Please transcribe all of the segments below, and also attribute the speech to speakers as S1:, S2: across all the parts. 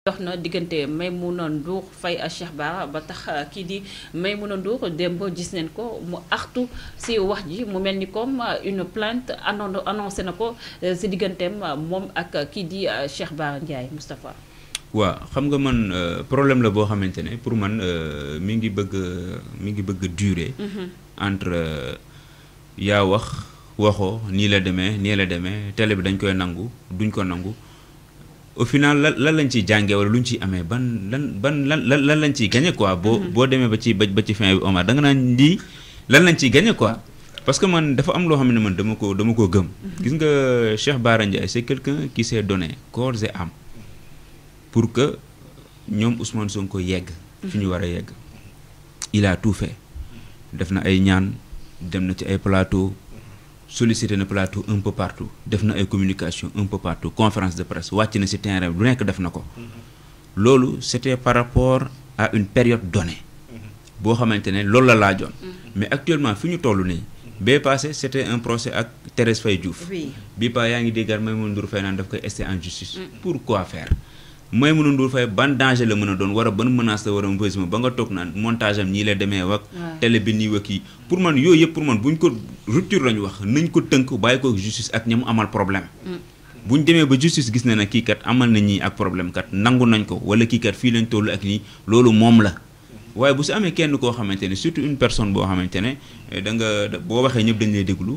S1: doxna na diggante Maimouna fay a Cheikh Bara ba tax euh, ki di Maimouna Ndour dembo gis neen ko mu artu ci wax ji mu melni comme euh, une plainte annoncé na ko euh, ci digganteem mom ak ki di Cheikh Bara Ndiaye mustapha
S2: wa xam nga man problème la bo xamantene pour man mi ngi bëgg mi ngi bëgg durer. Mm-hmm. entre ya wax waxo ni la demee ni la demee télé bi dañ koy nangu duñ ko nangu au final lan lan lañ ciy jàngee wala luñ ci ciy amee ban lan ban lan lan lan lañ ciy gagné quoi. boo mhm. boo demee ba ci ba ci fin bi Omar da nga naan lii lan lañ ciy gagné quoi. parce que man dafa am loo xam ne man dama ko dama ko gëm. Mhm. gis nga Cheikh Bara Ndiaye c'est quelqu'un qui s'est donné corps et âme pour que ñoom Ousmane Sonko yegg. fi ñu war a yegg. il a tout fait def na ay ñaan dem na ci ay plateau solliciter nos plateau un peu partout def na ay communication un peu partout conférence de presse wàcc na ci terrain lu nekk def na c'était par rapport à une période donnée C'est xamantene lolu la la laajoon mais actuellement fiñu tollu ni, nii passé c'était un procès avec Thérèse Faye Diouf bii paa yaa ngi déggaat Maimouna Ndour Fénan daf koy en justice mm. Pourquoi faire Maimouna Ndour Faye ban danger la mën a doon war a ban menace la war a envoyer ba nga toog naan montage am ñii la demee wak télé bi nii wak yi pour man yooyu yëpp pour man buñ ko rupture lañu wax nañ ko tënk bàyyi ko justice ak ñam amal problème mm. buñ demee ba justice gis na ne kii kat amal na ñii ak problème kat nangu nañ ko wala kii kat fii lañ toll ak nii loolu moom la waaye bu si amee kenn koo xamante ne surtout une personne boo xamante ne eh, da nga boo waxee ñëpp dañ lay déglu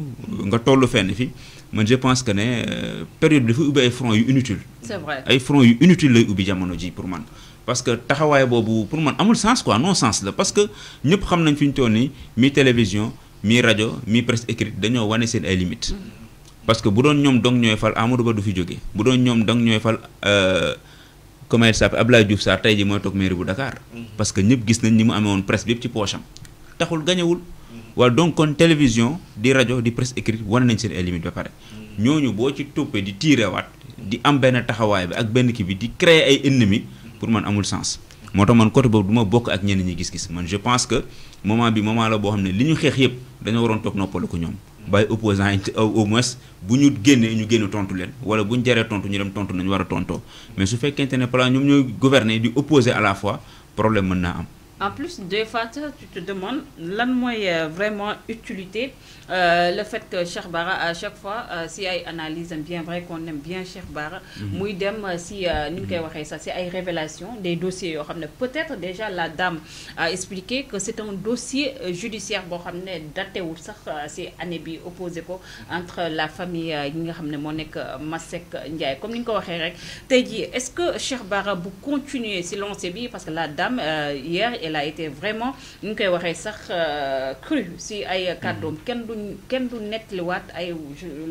S2: nga toll fenn fi man je pense que ne euh, période bi dafa ubbi ay front yu inutile c'est vrai ay front yu inutile lay ubbi jamono ji pour man parce que taxawaay boobu pour man amul sens quoi non sens la parce que ñëpp xam nañ fi ñu toll nii mi télévision mi rajo mi presse écrite dañoo wane seen ay limites mm. parce que bu doon ñoom dong ñooy fal Amadou Ba du fi jógee bu doon ñoom dong ñooy fal Euh, comme elle s'appelle Diouf Sarr tay Dakar. Mm-hmm. parce que ñëpp gis nañ ni mu amé won presse bi ci pocham taxul mm-hmm. wala donc kon télévision di radio, di presse écrite won nañ seen ba paré mm-hmm. ñoñu bo ci topé di wat di am bi ak di créer ay ennemis pour man amul sens. man côté ak ñen ñi gis-gis man je pense que moment bi moment la bo xamné liñu fait yépp dañu waron tok nous ko bay opposant au moins si ñu ñu nous tontu wala buñu jéré tontu ñu dem tontu mais su fait que plan ñom ñoy gouverner di opposer à la fois problème
S1: en plus des fois tu te demandes lan moyen euh, vraiment utilité euh, le fait que Cheikh à chaque fois euh, si elle analyse bien vrai qu'on aime bien Cheikh Bara mhm. muy si ni mhm. avons ça si une révélation des dossiers peut-être déjà la dame a expliqué que c'est un dossier judiciaire bon, xam daté ou sax c'est opposé entre la famille yi nga xam Ndiaye comme ni avons fait, est-ce que Cheikh Bara bu continuer si lancé bi parce que la dame hier elle a été vraiment ñu ngi koy sax euh, cru si ay hmm. kàddoom quand du kenn du nettaliwaat ay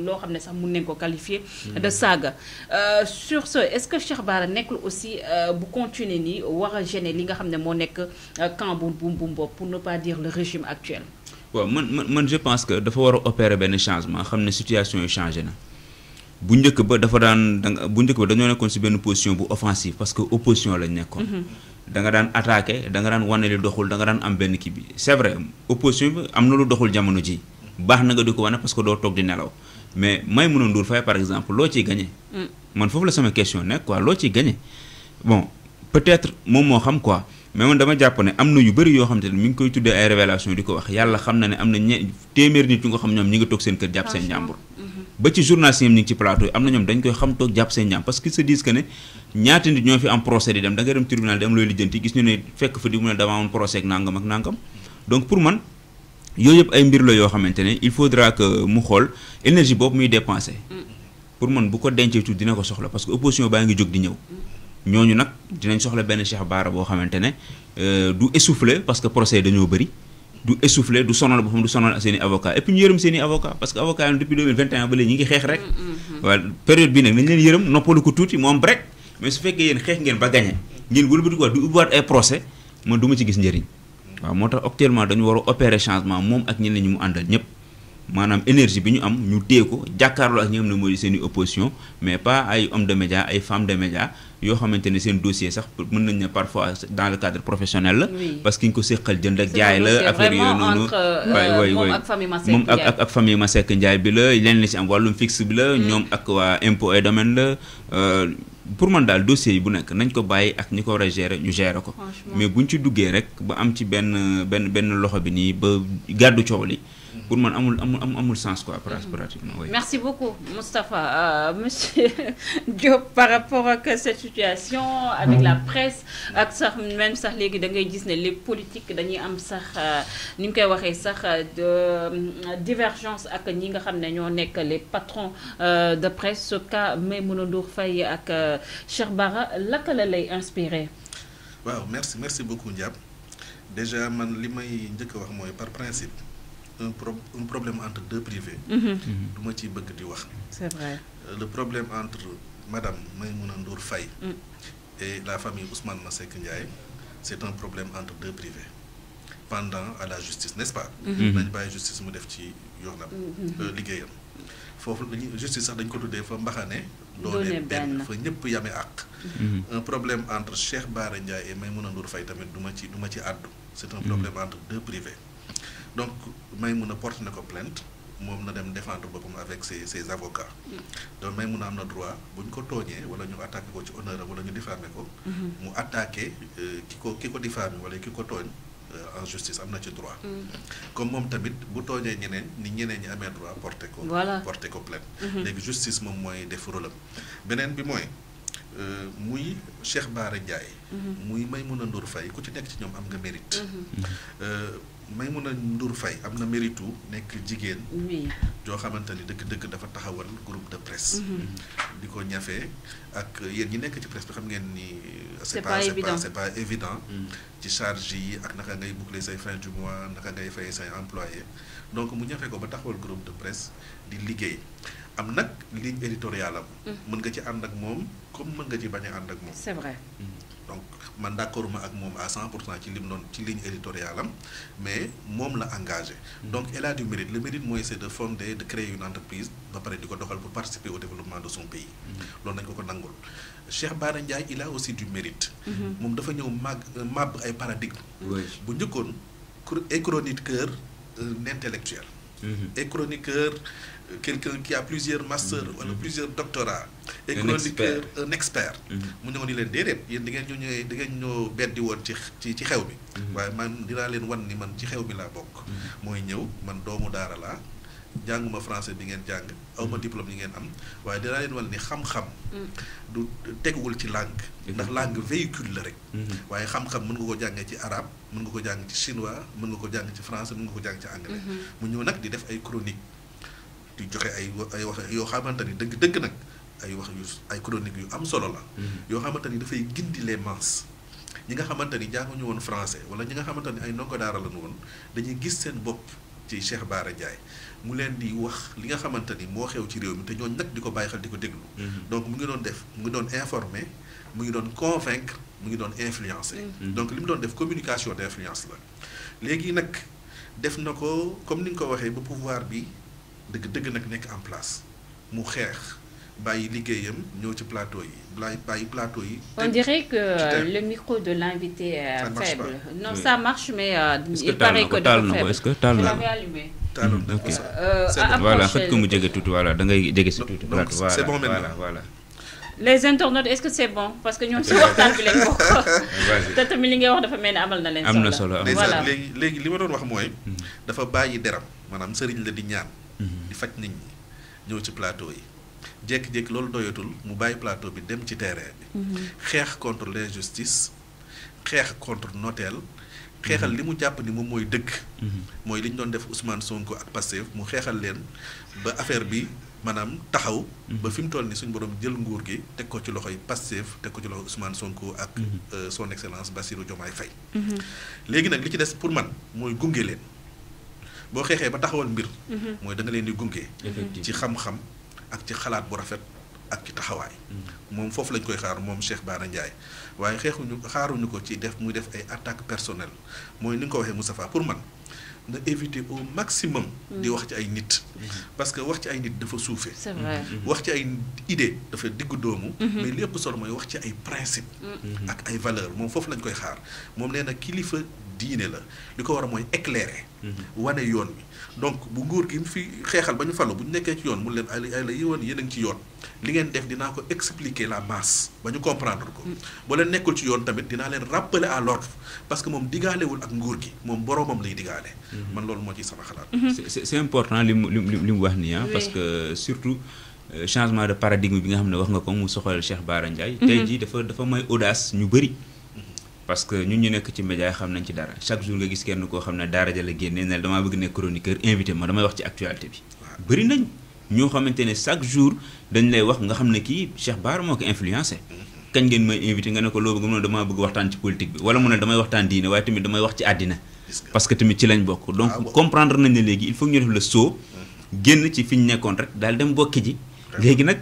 S1: loo xam ne sax mun ko qualifier hmm. de saaga euh, sur ce est-ce que Cheikh Bara nekkul aussi euh, bu continuer ni war a gêner li nga xam ne boum nekk camp boum pour ne pas dire le régime actuel
S2: waaw man man je pense que dafa war opérer ben changement xam la situation est changée na bu njëkk ba dafa daan bu njëkk ba dañoo nekkoon si position bu offensive parce que opposition la nekkoon mm-hmm. da nga daan attaqué da nga daan wane li doxul da nga daan am benn kii bi c'est vrai opposition bi am na lu doxul jamono ji baax na nga di ko wane parce que doo toog di nelaw mais may mënoon Ndour fay par exemple loo ciy gagné. man foofu la sama question nekk quoi loo ciy gagné bon peut-être moom moo xam quoi. mais man dama jàpp ne am na yu bëri yoo xam te ne mi ngi koy tuddee ay révélation di ko wax yàlla xam na ne am na ñe téeméer nit ñu nga xam ñoom ñi ngi toog seen kër jàpp seen njàmbur mm-hmm. ba ci journaliste yi ñu ngi ci plateau yi am na ñoom dañ koy xam toog jàpp seen njàmbur parce que se disent que ne ñaati nit ñoo fi am procès di dem da nga dem tribunal di am looy lijjanti gis ñu ne fekk fa di mu ne dama amoon procès ak nangam ak nangam donc pour man yooyu yëpp ay mbir la yoo xamante ne il faudra que mu xool énergie boobu muy dépensé mm. pour man bu ko dencee tuuti dina ko soxla parce que opposition baa ngi jóg di ñëw mm. ñooñu nag dinañ soxla benn Cheikh baara boo xamante ne euh, du essoufflé parce que procès dañoo bëri du essoufflé du sonal boppam du sonal seen i avocat et puis ñu yërëm seen avocat parce que avocat yi depuis 2021 ba léegi ñu ngi xeex rek mm-hmm. waaw période bi nag nañ leen yërëm noppalu ko tuuti moom rek mais su fekkee yéen xeex ngeen ba gagné ngeen wëlbati ko du ubbiwaat ay procès man du ci gis njëriñ waaw moo tax actuellement dañu war a opérer changement moom ak ñeneen ñi mu àndal ñëpp maanaam énergie bi ñu am ñu téye ko jàkkaarloo ak ñi nga xam seen i opposition mais pas ay hommes de médias de médias yoo xamante ne seen dossier sax mën nañ ne parfois dans le cadre professionnel que ñu ko séqal jënd ak jaay la. affaire yooyu noonu euh, moom ak ak ak famille bi la leen la ci am wàllum fixe bi la. Mm. ñoom ak waa impôt et domaine la. Euh, pour man daal dossier yi bu nekk nañ ko bàyyi ak ñi ko war a gérer ñu ko. mais buñ ci duggee rek ba am ci benn benn benn loxo bi nii ba gàddu coow li pour moi, amul amul amul sens quoi pratiquement oui.
S1: merci beaucoup Mustapha. euh, monsieur Diop par rapport à cette situation avec mm. la presse ak sax même sax légui da ngay gis né les politiques dañuy am sax euh, nim koy waxé sax euh, de euh, divergence ak ñi nga xamné ne ñoo nekk les patrons de presse ce cas Maïmouna Ndour fay ak Cheikh Bara laka la lay inspiré
S3: waaw merci merci beaucoup Ndiab déjà man limay may wax moy par principe un, problème entre deux privés. Mm-hmm. Mm-hmm. c'est vrai euh, le problème entre madame Maïmouna Ndour Faye. Mm. et la famille Ousmane Masseck Ndiaye c'est un problème entre deux privés. pendant à la justice n'est-ce pas. la mm-hmm. justice mu def ci yoonam. Euh, liggéeyam foofu la justice sax dañ ko tuddee fa mbaxane doone benn fa ñëpp yame un problème entre Cheikh Bara Ndiaye et Maïmouna Ndour Faye tamit ci ci c'est un problème entre deux privés donc Maïmouna porte na plainte moom na dem défendre boppam avec ses ses avocats. donc Maïmouna am na droit buñ ko tooñee wala ñu attaqué ko ci honneur wala ñu diffamé ko. Mhm. mu attaqué kiko euh, kiko ki diffamé wala kiko ko euh, en justice am na ci droit. Mhm. comme moom tamit bu tooñee ñeneen ni ñeneen ñi amé droit porter ko. porter ko plainte. Mhm. léegi justice moom mooy def rôle am beneen bi mooy. Euh, muy Cheikh Bara Ndiaye. muy maymouna Ndour fay ku ci nekk ci ñoom am nga mérite. maymuna ndour fay amna mérite nek jigen oui jo xamanteni deug deug dafa taxawal groupe de presse mhm. diko ñafé ak yeen ñi nek ci presse bi xam ngeen ni euh, c'est pas c'est pas c'est pas évident mhm. ci charge yi ak naka ngay boucler say fin du mois naka ngay fay say employé donc mu ñafé ko ba taxawal groupe de presse di liggéey am nak ligne éditorial am mën hmm. nga ci and ak moom comme mën nga ci bañ and ak moom C'est vrai hmm. donc man d' accord ma ak moom à 100 pour cent ci lim doon ci ligne éditorial am mais moom la engagé hmm. donc elle a du mérite le mérite mooy c' de fonder de créer une entreprise ba pare di ko doxal pour participer au développement de son pays loolu nañ ko ko nangul cheikh baara ndiaye il a aussi du mérite mm-hmm. moom dafa ñëw mag euh, màbb ay paradigme bu njëkkoon chroniqueur euh, intellectuel et mm-hmm. chroniqueur quelqu'un qui a plusieurs masters wala mm-hmm. plusieurs doctorats et chroniqueur un expert mm-hmm. mu ñëw ni leen déedéet yéen di ngeen ñu ñëwee di ngeen ñoo beddi woon ci ci ci xew bi mm-hmm. waaye man dinaa leen wan ni man ci xew bi laa bokk mooy ñëw man doomu daara laa jànguma français bi ngeen jàng awma diplôme yi ngeen am waaye dinaa leen wan ni xam-xam mm. du teguwul ci langue ndax langue véhicule la rek waaye xam-xam mën nga ko jàngee ci araab mën nga ko jàng ci chinois mën nga ko jàng ci français mën nga ko jàng ci anglais mu ñëw nag di def ay chronique di joxe ay ay wax yoo xamante ni dëgg dëgg nag ay wax yu ay chronique yu am solo la. Mm-hmm. yoo xamante ni dafay gindi les masses ñi nga xamante ni jànguñu woon français wala ñi nga xamante ni ay ndongo daara lañu woon dañuy gis seen bopp ci Cheikh Bara Ndiaye mu leen di wax li nga xamante ni moo xew ci réew mi te ñooñu nag di ko bàyyi xel di ko déglu. Mm-hmm. donc mu ngi doon def mu ngi doon informer mu ngi doon convaincre mu ngi doon influencer. Mm-hmm. donc li mu doon def communication d' influence la léegi nag def na ko comme ni nga ko waxee ba pouvoir bi deug nak nek en place mu xeex bàyyi liggéeyam ñëw ci plateau yi bàyyi plateau yi.
S1: on dirait que le micro de l'invité est faible. non ça marche mais. Euh, il paraît que taal na est-ce que taal na ko taaloon euh, donc voilà xëj ko mu
S2: jégué tout voilà da ngay jege tout tuuti. donc c'est bon maintenant voilà.
S1: les internautes est-ce que c'est bon parce que ñoom si waxtaan bi lañ bokk te tamit li ngay wax dafa mel ni amal na leen. am na solo am na solo voilà
S3: léegi léegi li ma doon wax mooy. Hmm. dafa bàyyi deram maanaam sëriñ la di ñaan. Mm-hmm. di faj nit ñi ñëw ci plateau yi jékki-jékki loolu doyatul mu bàyyi plateau bi dem ci terrain bi mm-hmm. xeex contre l'injustice xeex contre notel xeexal mm-hmm. li mu jàpp ni moom mooy dëgg mooy liñ doon def Ousmane Sonko ak Pastef mu xeexal leen ba affaire bi maanaam taxaw ba fi mu toll ni suñ borom jël nguur gi teg ko ci loxoy Pastef teg ko ci loxoy Ousmane Sonko ak euh, son excellence Bassirou Diomaye Faye léegi nag li ci des pour man mooy gunge leen boo xeexee ba taxawal mbir. Mhm. mooy danga leen di gunge. ci xam-xam ak ci xalaat bu rafet ak ci taxawaay. Mhm. moom foofu lañ koy xaar moom Cheikh Bara Ndiaye waaye xeexuñu xaaruñu ko ci def muy def ay attaque personnelle mooy ni nga ko waxee Moustapha pour man na éviter au maximum. di mhm. wax ci ay nit. parce que wax ci ay nit dafa suufee. c'est vrai wax ci ay idée dafa diggu doomu. lépp solo mooy wax ci ay principe. ak ay valeur moom foofu lañ koy xaar moom nee na kilifa diine li ko war a mooy éclairer. Mhm. wane yoon wi donc bu nguur gi fi xeexal ba ñu falu bu ñu nekkee ci yoon mun leen ay ay la yi woon yéen a ngi ci yoon li ngeen def dinaa ko expliquer la masse ba ñu comprendre ko. Mm. boo leen nekkul ci yoon tamit dinaa leen rappeler à l'ordre parce que moom digaalewul ak nguur gi moom boroomam lay digaale. Mhm. man loolu moo ci sama xalaat.
S2: c'est important li mu li mu wax nii ah, parce que surtout. Euh, changement de paradigme bi nga xam ne wax nga parce que ñun ñu nekk ci média xam nañ ci dara chaque jour nga gis kenn koo xam ne daara ja génne ne damaa bëgg nekk chroniqueur invité ma damay wax ci actualité bi. bëri nañ ñoo xamante ne chaque jour dañ lay wax nga xam ne kii Cheikh Bara moo ko influencé. Mm-hmm. kañ ngeen may invité nga ne ko loo bëgg mu ne damaa bëgg waxtaan ci politique bi wala mu ne damay waxtaan diine waaye tamit damay wax ci àddina. parce que tamit ci lañ bokk. donc ah, comprendre nañ ne léegi il faut ñu def le saut. Mm-hmm. génn ci fi ñu nekkoon rek daal dem bokki ji. léegi nag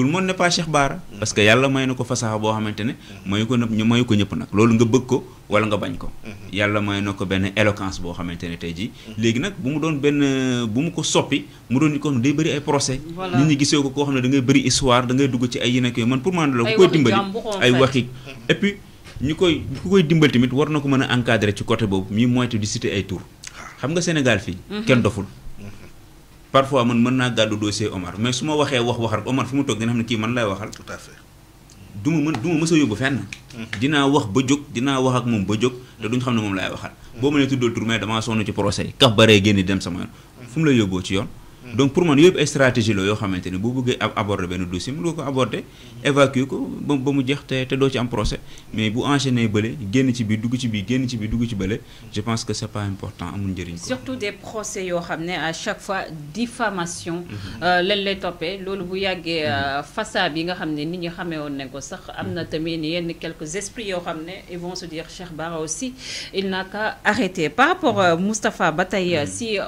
S2: tout le monde n'est pas Cheikh Bara parce que yàlla may na ko fasaxa boo xamante ne mayu ko ñëpp mayu ko ñëpp nag loolu nga bëgg ko wala nga bañ ko mhm. yàlla may na ko benn éloquence boo xamante ne tey jii mhm. léegi nag bu mu doon benn bu mu ko soppi mu doon ko day bëri ay procès ñu ñi gisee ko koo xam ne da ngay bëri histoire da ngay dugg ci ay yi man pour man la ku koy dimbali ay waxi mhm. et ñu koy ku koy dimbali tamit war na ko mën a encadrer ci côté boobu mii moytu di citer ay tour ah. xam nga Sénégal fii parfois man mën naa gàddu dossier Omar mais su ma waxee wax wax rek Omar fu mu toog dina xam ne kii man lay waxal. tout ma mën du ma mës a yóbbu fenn. Mm-hmm. dinaa wax ba jóg dinaa wax ak moom ba jóg te ñu xam ne moom laay waxal. Mm-hmm. boo mënee tuddal tur mais damaa sonn ci procès yi. kaf baree génn dem sama yoon. fu mu lay yóbboo ci yoon. donc pour mon yëpp ay stratégie la yoo xamante ne boo bëggee aborder benn dossier mën aborder évacuer ko bon bon mu jeex t'es dans un ci am procès mais bu enchaîner bële génn ci biir dugg ci biir génn ci biir dugg ci je pense que c'est pas important à njëriñ ko
S1: surtout des procès yoo xam à chaque fois diffamation mm-hmm. euh, les lay toppee loolu bu yàggee euh, mm-hmm. façade yi nga xam ni nit ñi xamee woon ko sax am na mm-hmm. yenn quelques esprits yoo xam ils vont se dire Cheikh Bara aussi il n'a qu'à arrêter par rapport euh, Mustapha Bataille si